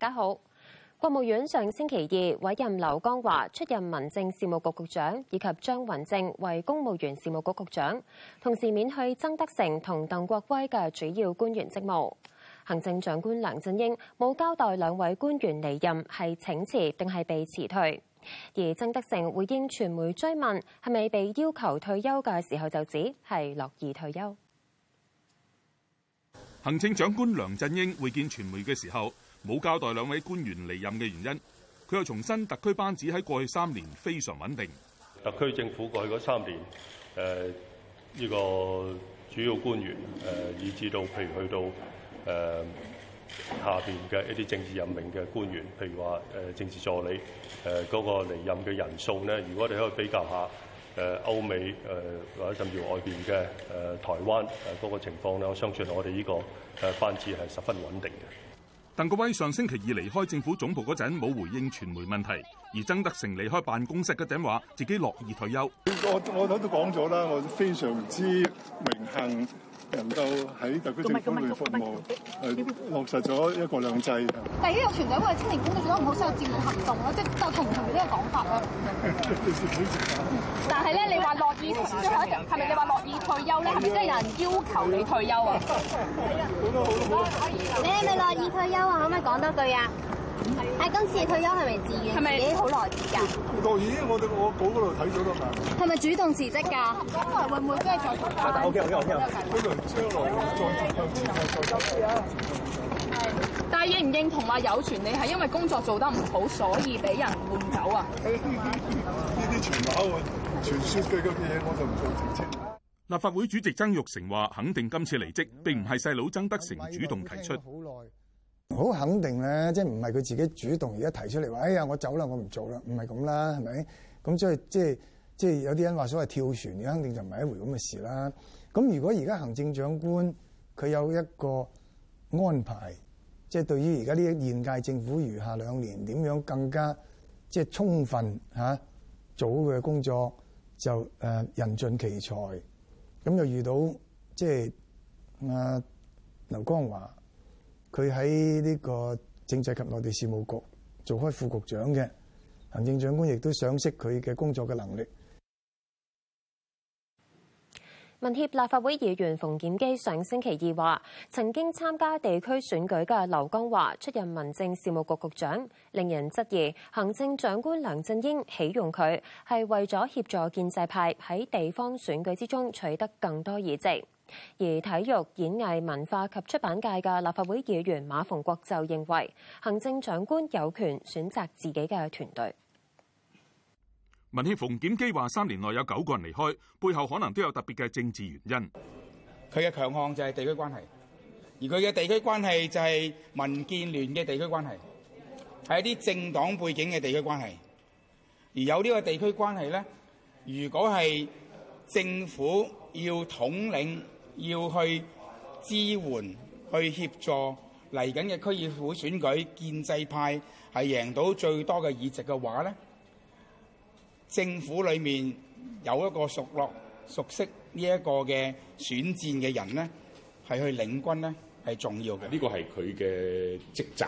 大家好，國務院上星期二委任劉江華出任民政事務局局長，以及張雲正為公務員事務局局長，同時免去曾德成同鄧國威嘅主要官員職務。行政長官梁振英冇交代兩位官員離任係請辭定係被辭退，而曾德成回應傳媒追問係咪被要求退休嘅時候就指係樂意退休。行政長官梁振英會見傳媒嘅時候。冇交代兩位官員離任嘅原因，佢又重申特區班子喺過去三年非常穩定。特區政府過去嗰三年，誒、呃、呢、這個主要官員誒、呃、以至到譬如去到誒、呃、下邊嘅一啲政治任命嘅官員譬如話誒、呃、政治助理誒嗰、呃那個離任嘅人數咧，如果你可以比較下誒歐、呃、美誒或者甚至外邊嘅誒台灣嗰個情況咧，我相信我哋呢個誒班子係十分穩定嘅。鄧國威上星期二離開政府總部嗰陣冇回應傳媒問題，而曾德成離開辦公室嗰陣話自己樂意退休。我我都講咗啦，我非常之榮幸。能夠喺特區政府裏服務，係落實咗一國兩制。但係呢個團隊為青年公務做得唔好，所以自願行動咯，即係就同唔同意呢個講法咯。但係咧，你話樂意退休係咪？你話樂意退休咧，係咪即係有人要求你退休啊？好多好多好多。你係咪樂意退休啊？可唔可以講多句啊？啊！今次退休係咪自願？係咪？好耐啲噶？當然，我哋我嗰度睇咗得嘛。係咪主動辭職噶？將來會唔會即係再出？但係 OK、嗯、OK OK。將來將來再再再再。係。但係認唔認同話有傳你係因為工作做得唔好，所以俾人換走啊？呢啲傳話傳說嘅嘢我就唔做澄清啦。立法會主席曾鈺成話：肯定今次離職並唔係細佬曾德成主動提出。嗯好肯定咧，即係唔係佢自己主動而家提出嚟話，哎呀，我走啦，我唔做啦，唔係咁啦，係咪？咁、就是就是、所以即係即係有啲人話所謂跳船，你肯定就唔係一回咁嘅事啦。咁如果而家行政長官佢有一個安排，即、就、係、是、對於而家呢一屆政府餘下兩年點樣更加即係充分吓、啊、做嘅工作，就誒人盡其才，咁就遇到即係阿劉江華。佢喺呢個政制及內地事務局做開副局長嘅行政長官，亦都賞識佢嘅工作嘅能力。民協立法會議員馮檢基上星期二話，曾經參加地區選舉嘅劉江華出任民政事務局局長，令人質疑行政長官梁振英起用佢係為咗協助建制派喺地方選舉之中取得更多議席。而體育、演藝、文化及出版界嘅立法會議員馬逢國就認為，行政長官有權選擇自己嘅團隊。民協馮檢基話：三年內有九個人離開，背後可能都有特別嘅政治原因。佢嘅強項就係地區關係，而佢嘅地區關係就係民建聯嘅地區關係，係一啲政黨背景嘅地區關係。而有呢個地區關係咧，如果係政府要統領。要去支援、去協助嚟緊嘅區議會選舉，建制派係贏到最多嘅議席嘅話咧，政府裏面有一個熟絡熟悉呢一個嘅選戰嘅人咧，係去領軍咧，係重要嘅。呢個係佢嘅職責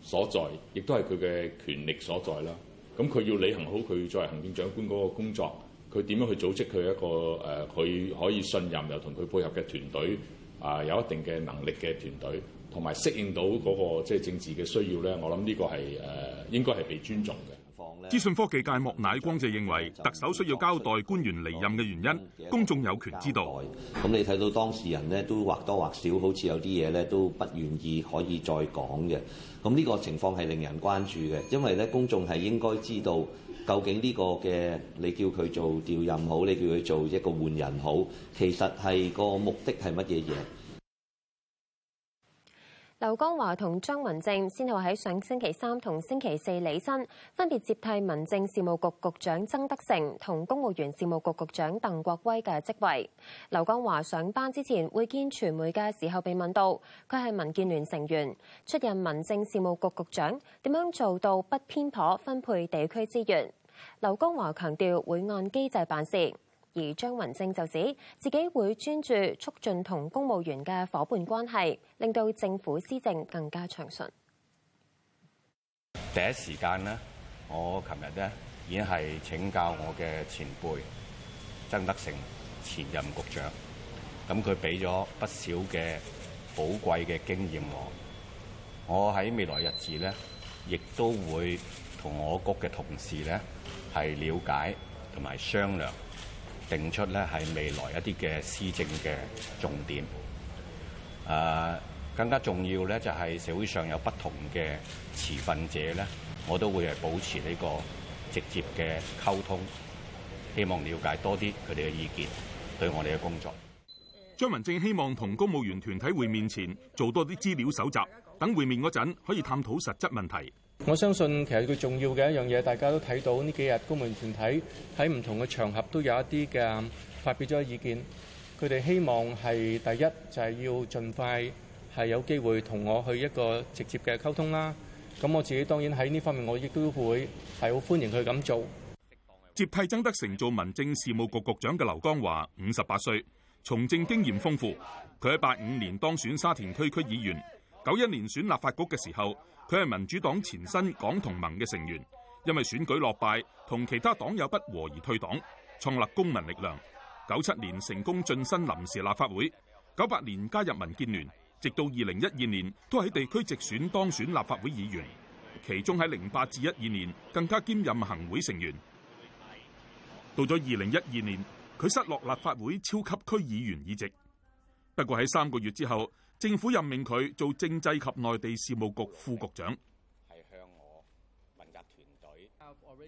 所在，亦都係佢嘅權力所在啦。咁佢要履行好佢作為行政長官嗰個工作。佢點樣去組織佢一個誒，佢可以信任又同佢配合嘅團隊啊，有一定嘅能力嘅團隊，同埋適應到嗰個即係政治嘅需要咧。我諗呢個係誒，應該係被尊重嘅。資訊科技界莫乃光就認為，特首需要交代官員離任嘅原因，公眾有權知道。咁你睇到當事人咧，都或多或少好似有啲嘢咧，都不願意可以再講嘅。咁呢個情況係令人關注嘅，因為咧公眾係應該知道。究竟呢個嘅，你叫佢做調任好，你叫佢做一個換人好，其實係個目的係乜嘢嘢？劉江華同張雲正先後喺上星期三同星期四履新，分別接替民政事務局局，局長曾德成同公務員事務局局長鄧國威嘅職位。劉江華上班之前會見傳媒嘅時候，被問到佢係民建聯成員出任民政事務局局，局長，點樣做到不偏頗分配地區資源？劉江華強調會按機制辦事。而張雲正就指自己會專注促進同公務員嘅伙伴關係，令到政府施政更加暢順。第一時間咧，我琴日咧已經係請教我嘅前輩曾德成前任局長，咁佢俾咗不少嘅寶貴嘅經驗我。我喺未來日子咧，亦都會同我局嘅同事咧係了解同埋商量。定出咧係未來一啲嘅施政嘅重點。誒，更加重要咧就係社會上有不同嘅持份者咧，我都會係保持呢個直接嘅溝通，希望了解多啲佢哋嘅意見對我哋嘅工作。張雲正希望同公務員團體會面前做多啲資料搜集，等會面嗰陣可以探討實質問題。我相信其實最重要嘅一樣嘢，大家都睇到呢幾日公民團體喺唔同嘅場合都有一啲嘅發表咗意見。佢哋希望係第一就係要盡快係有機會同我去一個直接嘅溝通啦。咁我自己當然喺呢方面我亦都會係好歡迎佢咁做。接替曾德成做民政事務局局長嘅劉江華，五十八歲，從政經驗豐富。佢喺八五年當選沙田區區議員，九一年選立法局嘅時候。佢係民主黨前身港同盟嘅成員，因為選舉落敗同其他黨友不和而退黨，創立公民力量。九七年成功晉身臨時立法會，九八年加入民建聯，直到二零一二年都喺地區直選當選立法會議員，其中喺零八至一二年更加兼任行會成員。到咗二零一二年，佢失落立法會超級區議員議席，不過喺三個月之後，政府任命佢做政制及內地事務局副局長。係向我問責團隊。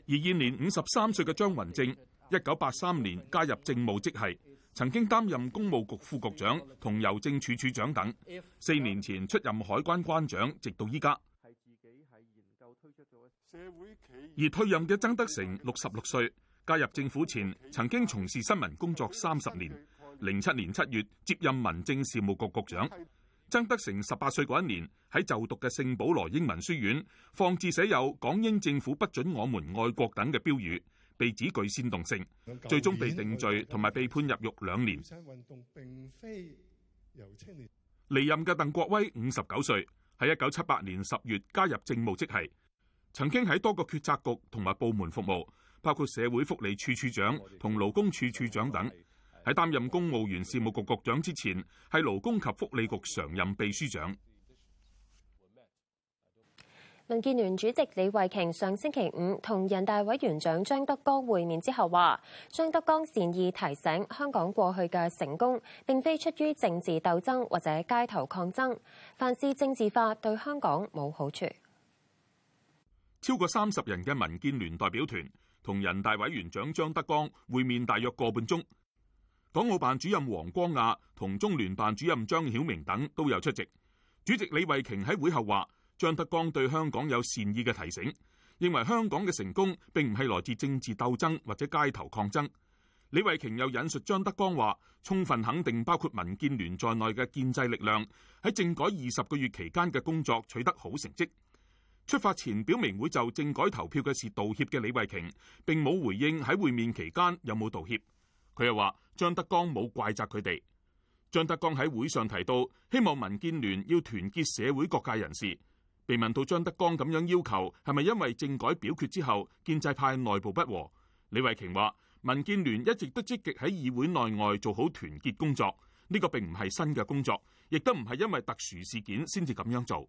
而現年五十三歲嘅張雲正，一九八三年加入政務職系，曾經擔任公務局副局長同郵政署署長等，四年前出任海關關長，直到依家。係自己係研究推出咗社會企業。而退任嘅曾德成，六十六歲，加入政府前曾經從事新聞工作三十年。零七年七月接任民政事務局局長。曾德成十八歲嗰一年喺就讀嘅聖保羅英文書院放置寫有“港英政府不准我們愛國”等嘅標語，被指具煽動性，最終被定罪同埋被判入獄兩年。離任嘅鄧國威五十九歲，喺一九七八年十月加入政務職系，曾經喺多個決策局同埋部門服務，包括社會福利處處長同勞工處處長等。喺擔任公務員事務局局長之前，係勞工及福利局常任秘書長。民建聯主席李慧瓊上星期五同人大委員長張德江會面之後話：張德江善意提醒香港過去嘅成功並非出於政治鬥爭或者街頭抗爭，凡事政治化對香港冇好處。超過三十人嘅民建聯代表團同人大委員長張德江會面大約個半鐘。港澳辦主任王光亞同中聯辦主任張曉明等都有出席。主席李慧瓊喺會後話：張德江對香港有善意嘅提醒，認為香港嘅成功並唔係來自政治鬥爭或者街頭抗爭。李慧瓊又引述張德江話，充分肯定包括民建聯在內嘅建制力量喺政改二十個月期間嘅工作取得好成績。出發前表明會就政改投票嘅事道歉嘅李慧瓊，並冇回應喺會面期間有冇道歉。佢又話：張德江冇怪責佢哋。張德江喺會上提到，希望民建聯要團結社會各界人士。被問到張德江咁樣要求係咪因為政改表決之後建制派內部不和，李慧瓊話：民建聯一直都積極喺議會內外做好團結工作，呢個並唔係新嘅工作，亦都唔係因為特殊事件先至咁樣做。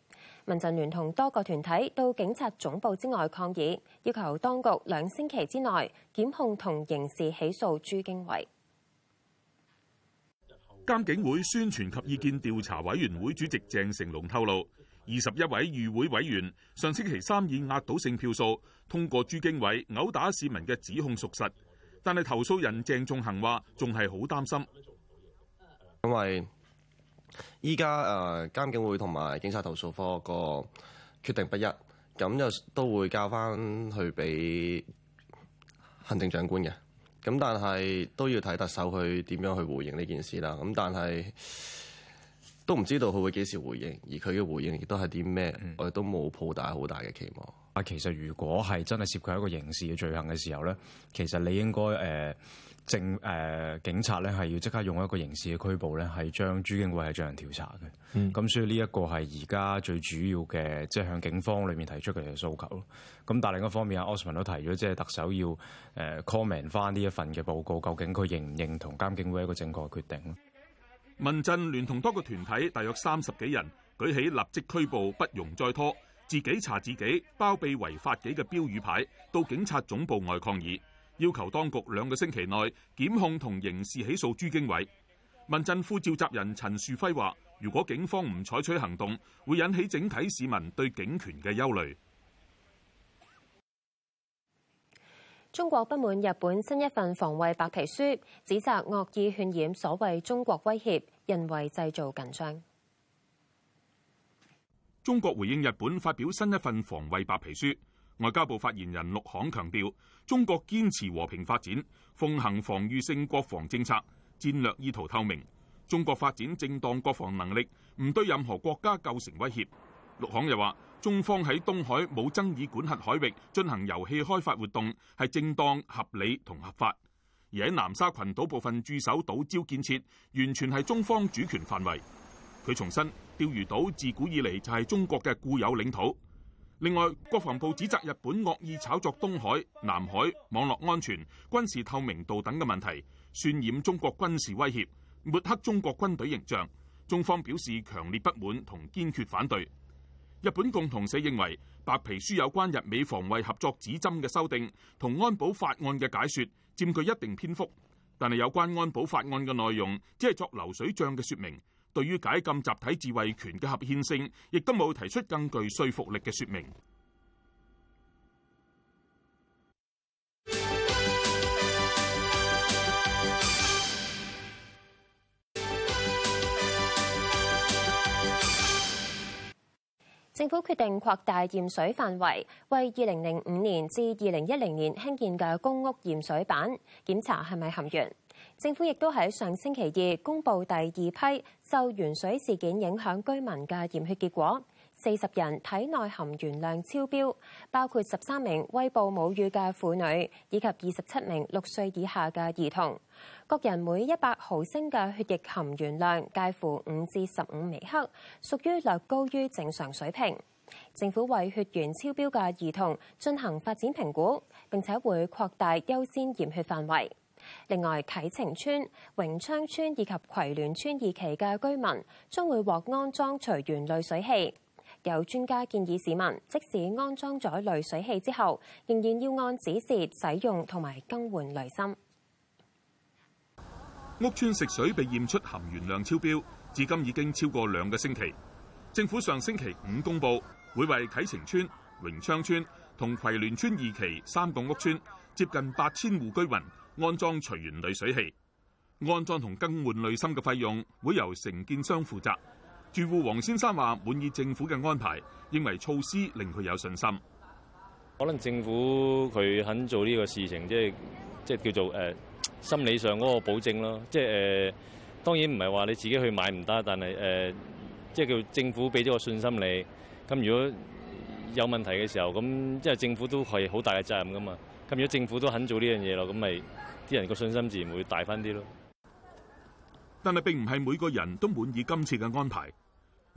民陣聯同多個團體到警察總部之外抗議，要求當局兩星期之內檢控同刑事起訴朱經緯。監警會宣傳及意見調查委員會主席鄭成龍透露，二十一位議會委員上星期三以壓倒性票數通過朱經緯毆打市民嘅指控屬實，但係投訴人鄭仲恆話仲係好擔心，因為，依家誒監警會同埋警察投訴科個決定不一，咁又都會交翻去俾行政長官嘅。咁但係都要睇特首佢點樣去回應呢件事啦。咁但係都唔知道佢會幾時回應，而佢嘅回應亦都係啲咩，我哋都冇抱大好大嘅期望。啊，其實如果係真係涉及一個刑事嘅罪行嘅時候咧，其實你應該誒。呃政誒警察咧係要即刻用一個刑事嘅拘捕咧，係將朱經緯係進行調查嘅。嗯，咁所以呢一個係而家最主要嘅，即係向警方裏面提出佢哋嘅訴求咯。咁但係另一方面，阿 Osman 都提咗，即係特首要誒 comment 翻呢一份嘅報告，究竟佢認唔認同監警會一個正確嘅決定咧？民陣聯同多個團體大約三十幾人，舉起立即拘捕，不容再拖，自己查自己，包庇違法嘅標語牌，到警察總部外抗議。要求當局兩個星期內檢控同刑事起訴朱經緯。民陣副召集人陳樹輝話，如果警方唔採取行動，會引起整體市民對警權嘅憂慮。中國不滿日本新一份防衛白皮書，指責惡意渲染所謂中國威脅，人為製造緊張。中國回應日本發表新一份防衛白皮書。外交部發言人陸慷強調，中國堅持和平發展，奉行防禦性國防政策，戰略意圖透明。中國發展正當國防能力，唔對任何國家構成威脅。陸慷又話，中方喺東海冇爭議管轄海域進行油氣開發活動係正當、合理同合法，而喺南沙群島部分駐守島礁建設，完全係中方主權範圍。佢重申，釣魚島自古以嚟就係中國嘅固有領土。另外，國防部指責日本惡意炒作東海、南海、網絡安全、軍事透明度等嘅問題，渲染中國軍事威脅，抹黑中國軍隊形象。中方表示強烈不滿同堅決反對。日本共同社認為，白皮書有關日美防衛合作指針嘅修訂同安保法案嘅解說佔據一定篇幅，但係有關安保法案嘅內容只係作流水帳嘅說明。對於解禁集體自衛權嘅合憲性，亦都冇提出更具說服力嘅説明。政府決定擴大驗水範圍，為二零零五年至二零一零年興建嘅公屋驗水板檢查係咪含鉛。政府亦都喺上星期二公布第二批受鉛水事件影響居民嘅驗血結果，四十人體內含鉛量超標，包括十三名餵哺母乳嘅婦女以及二十七名六歲以下嘅兒童。各人每一百毫升嘅血液含鉛量介乎五至十五微克，屬於略高於正常水平。政府為血鉛超標嘅兒童進行發展評估，並且會擴大優先驗血範圍。另外，啟晴邨、榮昌邨以及葵聯邨二期嘅居民將會獲安裝除鉛濾水器。有專家建議市民，即使安裝咗濾水器之後，仍然要按指示使用同埋更換濾芯。屋邨食水被驗出含鉛量超標，至今已經超過兩個星期。政府上星期五公佈，會為啟晴邨、榮昌邨同葵聯邨二期三棟屋邨接近八千戶居民。安裝除鉛濾水器，安裝同更換濾芯嘅費用會由承建商負責。住戶黃先生話滿意政府嘅安排，認為措施令佢有信心。可能政府佢肯做呢個事情，即係即係叫做誒、呃、心理上嗰個保證咯。即係誒，當然唔係話你自己去買唔得，但係誒即係叫政府俾咗個信心你。咁如果有問題嘅時候，咁即係政府都係好大嘅責任噶嘛。咁如果政府都肯做呢樣嘢咯，咁咪啲人個信心自然會大翻啲咯。但係並唔係每個人都滿意今次嘅安排。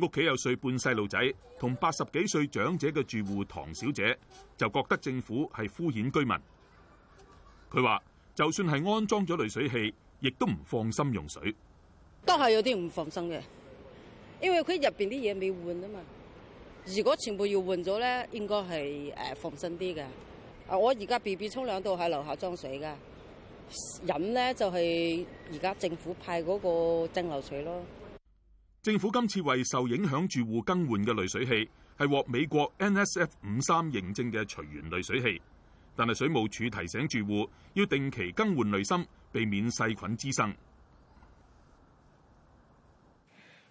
屋企有歲半細路仔同八十幾歲長者嘅住戶唐小姐，就覺得政府係敷衍居民。佢話就算係安裝咗濾水器，亦都唔放心用水。都係有啲唔放心嘅，因為佢入邊啲嘢未換啊嘛。如果全部要換咗咧，應該係誒放心啲嘅。啊！我而家 B B 沖涼都喺樓下裝水㗎，飲咧就係而家政府派嗰個蒸餾水咯。政府今次為受影響住戶更換嘅濾水器，係獲美國 NSF 五三認證嘅除鉛濾水器，但係水務署提醒住戶要定期更換濾芯，避免細菌滋生。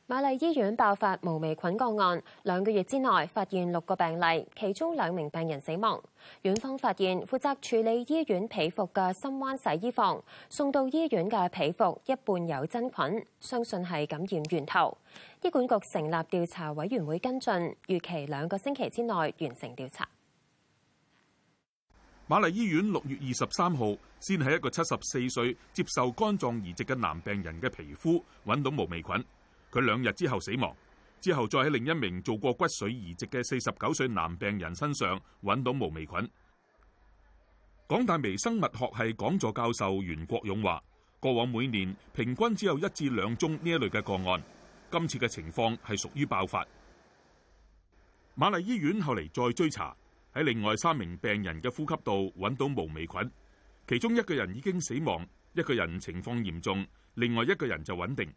瑪麗醫院爆發毛黴菌個案，兩個月之內發現六個病例，其中兩名病人死亡。院方發現負責處理醫院被服嘅深灣洗衣房送到醫院嘅被服一半有真菌，相信係感染源頭。醫管局成立調查委員會跟進，預期兩個星期之內完成調查。瑪麗醫院六月二十三號先喺一個七十四歲接受肝臟移植嘅男病人嘅皮膚搵到毛黴菌。佢兩日之後死亡，之後再喺另一名做過骨髓移植嘅四十九歲男病人身上揾到毛黴菌。港大微生物學系講座教授袁國勇話：過往每年平均只有一至兩宗呢一類嘅個案，今次嘅情況係屬於爆發。瑪麗醫院後嚟再追查喺另外三名病人嘅呼吸道揾到毛黴菌，其中一個人已經死亡，一個人情況嚴重，另外一個人就穩定。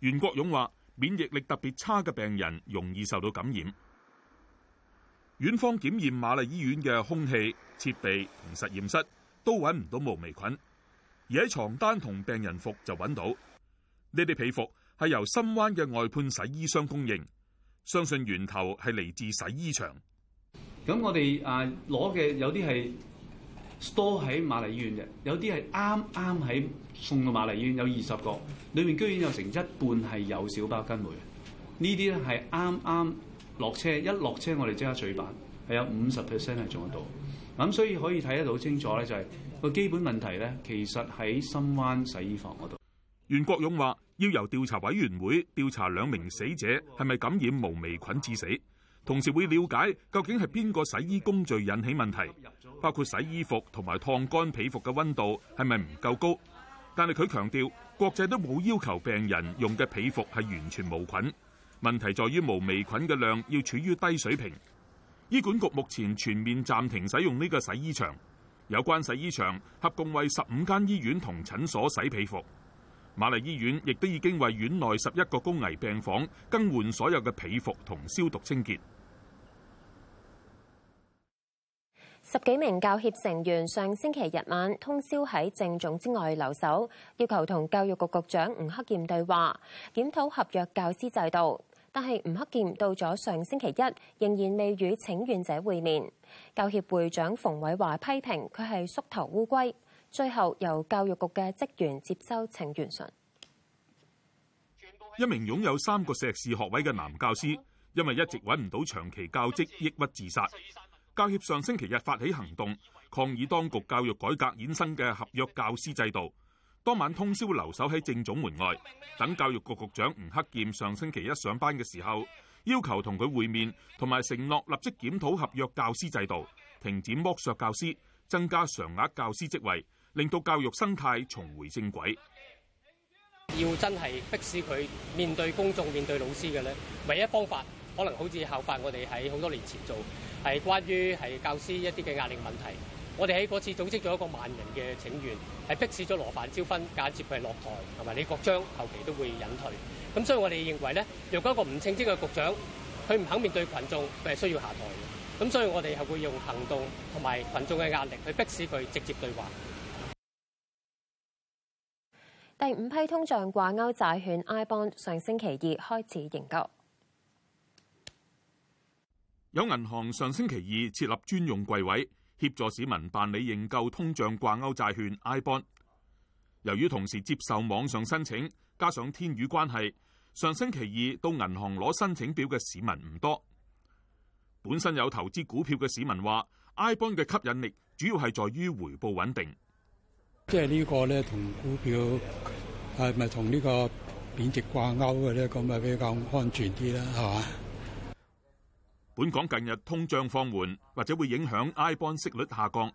袁國勇話：免疫力特別差嘅病人容易受到感染。院方檢驗瑪麗醫院嘅空氣、設備同實驗室都揾唔到毛黴菌，而喺床單同病人服就揾到。呢啲被服係由深灣嘅外判洗衣箱供應，相信源頭係嚟自洗衣場。咁我哋啊攞嘅有啲係。多喺瑪麗醫院嘅，有啲係啱啱喺送到瑪麗醫院，有二十個，裏面居然有成一半係有小孢根黴，呢啲咧係啱啱落車，一落車我哋即刻取樣，係有五十 percent 係做得到。咁所以可以睇得到清楚咧、就是，就係個基本問題咧，其實喺深灣洗衣房嗰度。袁國勇話：要由調查委員會調查兩名死者係咪感染毛黴菌致死。同時會了解究竟係邊個洗衣工序引起問題，包括洗衣服同埋燙乾被服嘅溫度係咪唔夠高。但係佢強調，國際都冇要求病人用嘅被服係完全無菌。問題在於無微菌嘅量要處於低水平。醫管局目前全面暫停使用呢個洗衣場，有關洗衣場合共為十五間醫院同診所洗被服。瑪麗醫院亦都已經為院內十一個高危病房更換所有嘅被服同消毒清潔。十幾名教協成員上星期日晚通宵喺政總之外留守，要求同教育局局長吳克儉對話，檢討合約教師制度。但係吳克儉到咗上星期一，仍然未與請願者會面。教協會長馮偉華批評佢係縮頭烏龜。最後由教育局嘅職員接收請願信。一名擁有三個碩士學位嘅男教師，因為一直搵唔到長期教職，抑鬱自殺。教協上星期日發起行動，抗議當局教育改革衍生嘅合約教師制度。當晚通宵留守喺政總門外，等教育局局長吳克儉上星期一上班嘅時候，要求同佢會面，同埋承諾立即檢討合約教師制度，停止剝削教師，增加常額教師職位。令到教育生態重回正軌，要真係逼使佢面對公眾，面對老師嘅咧，唯一方法可能好似效法我哋喺好多年前做，係關於係教師一啲嘅壓力問題，我哋喺嗰次組織咗一個萬人嘅請願，係逼使咗羅范椒芬間接佢落台，同埋李國章後期都會引退。咁所以我哋認為咧，若果一個唔稱職嘅局長，佢唔肯面對群眾，佢係需要下台嘅。咁所以我哋係會用行動同埋群眾嘅壓力去逼使佢直接對話。第五批通脹掛鈎債券 iBond 上星期二開始認購，有銀行上星期二設立專用櫃位協助市民辦理認購通脹掛鈎債券 iBond。由於同時接受網上申請，加上天雨關係，上星期二到銀行攞申請表嘅市民唔多。本身有投資股票嘅市民話，iBond 嘅吸引力主要係在於回報穩定。即係呢個咧，同股票係咪同呢個貶值掛鈎嘅呢？咁咪比較安全啲啦，係嘛？本港近日通脹放緩，或者會影響 iBond 息率下降。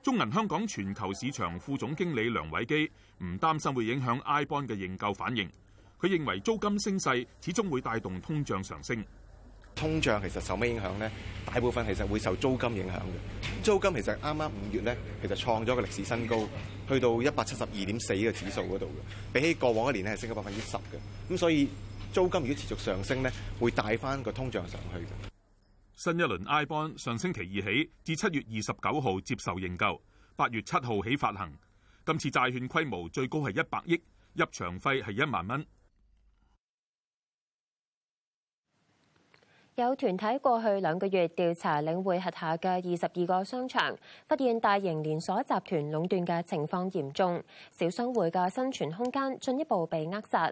中銀香港全球市場副總經理梁偉基唔擔心會影響 iBond 嘅認購反應。佢認為租金升勢始終會帶動通脹上升。通脹其實受咩影響呢？大部分其實會受租金影響嘅。租金其實啱啱五月咧，其實創咗個歷史新高，去到一百七十二點四嘅指數嗰度嘅，比起過往一年咧係升咗百分之十嘅。咁所以租金如果持續上升咧，會帶翻個通脹上去嘅。新一輪 iBond 上星期二起至七月二十九號接受認購，八月七號起發行。今次債券規模最高係一百億，入場費係一萬蚊。有團體過去兩個月調查領匯轄下嘅二十二個商場，發現大型連鎖集團壟斷嘅情況嚴重，小商戶嘅生存空間進一步被扼殺。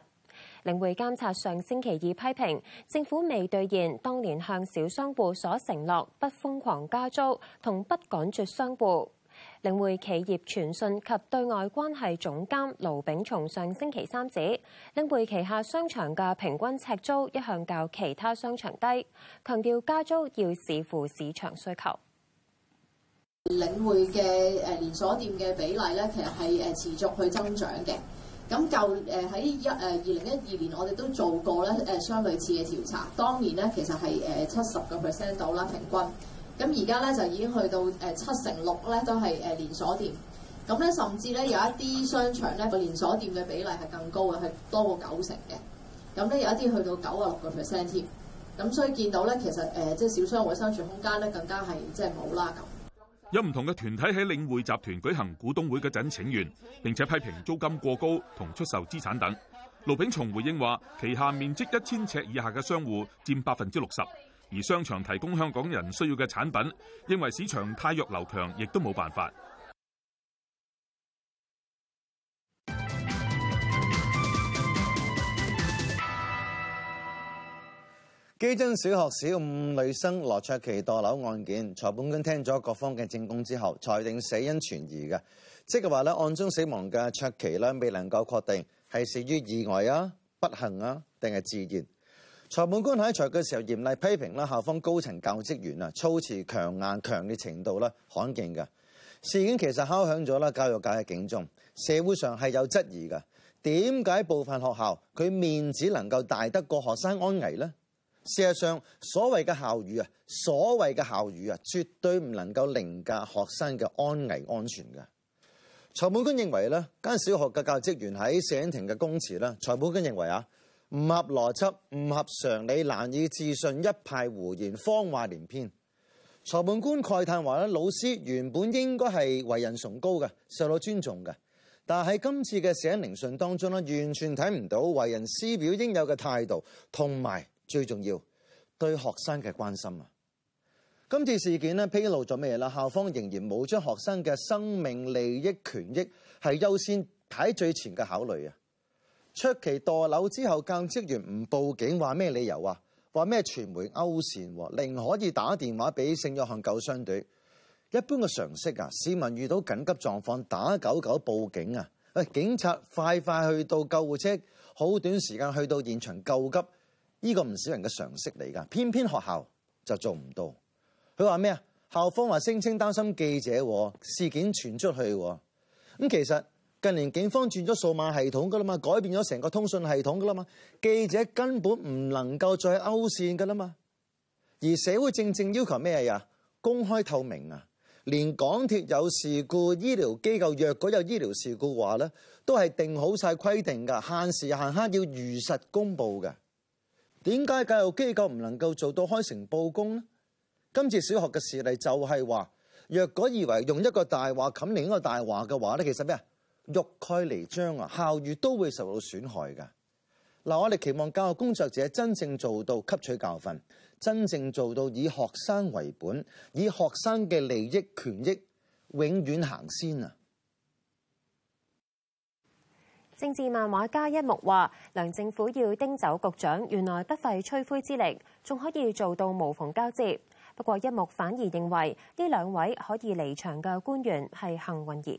領匯監察上星期二批評政府未兌現當年向小商戶所承諾不瘋狂加租同不趕絕商戶。領匯企業傳訊及對外關係總監盧炳松上星期三指，領匯旗下商場嘅平均尺租一向較其他商場低，強調加租要視乎市場需求。領匯嘅誒連鎖店嘅比例咧，其實係誒持續去增長嘅。咁就誒喺一誒二零一二年，我哋都做過咧誒相類似嘅調查，當年咧其實係誒七十個 percent 到啦平均。咁而家咧就已經去到誒七成六咧，都係誒連鎖店。咁咧甚至咧有一啲商場咧個連鎖店嘅比例係更高嘅，係多過九成嘅。咁咧有一啲去到九啊六個 percent 添。咁所以見到咧其實誒即係小商戶嘅生存空間咧更加係即係冇啦。咁有唔同嘅團體喺領匯集團舉行股東會嘅陣請願，並且批評租金過高同出售資產等。盧炳松回應話，旗下面積一千尺以下嘅商戶佔百分之六十。而商場提供香港人需要嘅產品，認為市場太弱流強，亦都冇辦法。基真小學小五女生羅卓琪墮樓案件，裁判官聽咗各方嘅證供之後，裁定死因存疑嘅，即係話咧，案中死亡嘅卓琪咧，未能夠確定係死於意外啊、不幸啊，定係自然。裁判官喺裁嘅時候嚴厲批評啦，校方高層教職員啊，措辭強硬、強烈程度咧，罕見嘅。事件其實敲響咗啦，教育界嘅警鐘。社會上係有質疑嘅，點解部分學校佢面子能夠大得過學生安危呢？事實上，所謂嘅校譽啊，所謂嘅校譽啊，絕對唔能夠凌駕學生嘅安危安全嘅。裁判官認為呢間小學嘅教職員喺攝影庭嘅供詞咧，裁判官認為啊。唔合邏輯，唔合常理，難以置信，一派胡言，謊話連篇。裁判官慨嘆話咧：老師原本應該係為人崇高嘅，受到尊重嘅，但係喺今次嘅寫聆訊當中完全睇唔到為人師表應有嘅態度，同埋最重要對學生嘅關心啊！今次事件披露咗咩嘢？校方仍然冇將學生嘅生命利益權益係優先排喺最前嘅考慮啊！出奇墮樓之後，教職員唔報警，話咩理由啊？話咩傳媒勾纏，寧可以打電話俾聖約翰救傷隊。一般嘅常識啊，市民遇到緊急狀況，打九九報警啊，喂，警察快快去到救護車，好短時間去到現場救急，呢個唔少人嘅常識嚟噶。偏偏學校就做唔到，佢話咩啊？校方話聲稱擔心記者事件傳出去，咁其實。近年警方轉咗數碼系統噶啦嘛，改變咗成個通訊系統噶啦嘛，記者根本唔能夠再勾線噶啦嘛。而社會正正要求咩呀？公開透明啊！連港鐵有事故，醫療機構若果有醫療事故嘅話咧，都係定好晒規定㗎，限時限刻要如實公佈嘅。點解教育機構唔能夠做到開誠布公呢？今次小學嘅事例就係、是、話，若果以為用一個大話冚另一個大話嘅話咧，其實咩啊？欲蓋彌彰啊，校譽都會受到損害噶。嗱，我哋期望教育工作者真正做到吸取教訓，真正做到以學生為本，以學生嘅利益權益永遠行先啊！政治漫畫家一木話：梁政府要釘走局長，原來不費吹灰之力，仲可以做到無縫交接。不過，一木反而認為呢兩位可以離場嘅官員係幸運兒。